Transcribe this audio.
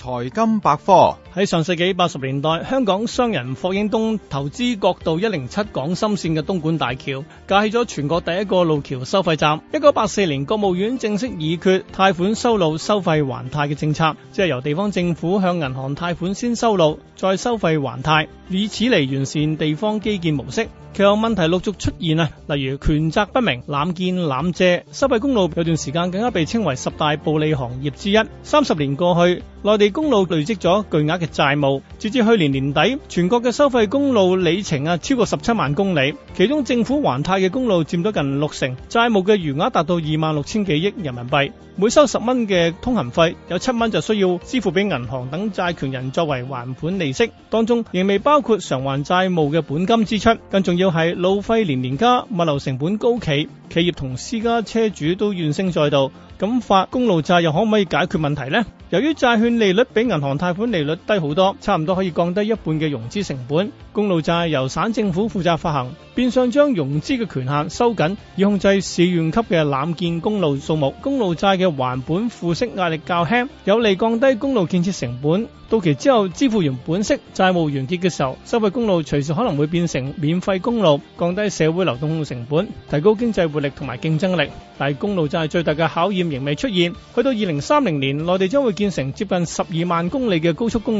財金百科。喺上世紀八十年代，香港商人霍英東投資國道一零七廣深線嘅東莞大橋，架起咗全國第一個路橋收費站。一九八四年，國務院正式議決貸款修路收費還貸嘅政策，即係由地方政府向銀行貸款先修路，再收費還貸，以此嚟完善地方基建模式。其後問題陸續出現啊，例如權責不明、濫建濫借、收費公路有段時間更加被稱為十大暴利行業之一。三十年過去，內地公路累積咗巨額嘅債務，截至去年年底，全國嘅收費公路里程啊，超過十七萬公里，其中政府還貸嘅公路佔咗近六成，債務嘅餘額達到二萬六千幾億人民幣。每收十蚊嘅通行費，有七蚊就需要支付俾銀行等債權人作為還款利息，當中仍未包括償還債務嘅本金支出。更重要係路費年年加，物流成本高企，企業同私家車主都怨聲載道。咁發公路債又可唔可以解決問題呢？由於債券利率比銀行貸款利率，低好多，差唔多可以降低一半嘅融資成本。公路債由省政府負責發行，變相將融資嘅權限收緊，以控制市縣級嘅濫建公路數目。公路債嘅還本付息壓力較輕，有利降低公路建設成本。到期之後支付完本息，債務完結嘅時候，收費公路隨時可能會變成免費公路，降低社會流動成本，提高經濟活力同埋競爭力。但係公路債最大嘅考驗仍未出現，去到二零三零年，內地將會建成接近十二萬公里嘅高速公